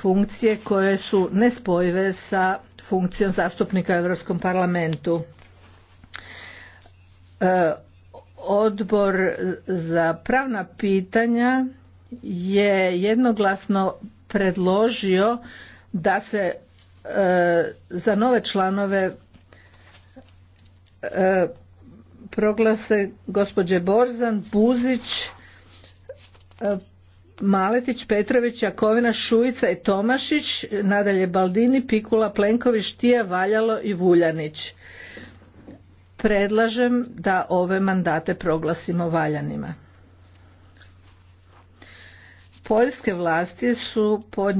funkcije koje su nespojive sa funkcijom zastupnika u Europskom parlamentu. E, odbor za pravna pitanja je jednoglasno predložio da se e, za nove članove e, proglase gospođe Borzan, Buzić, Maletić, Petrović, Jakovina, Šujica i Tomašić, nadalje Baldini, Pikula, Plenković, Tija, Valjalo i Vuljanić. Predlažem da ove mandate proglasimo valjanima. Poljske vlasti su pod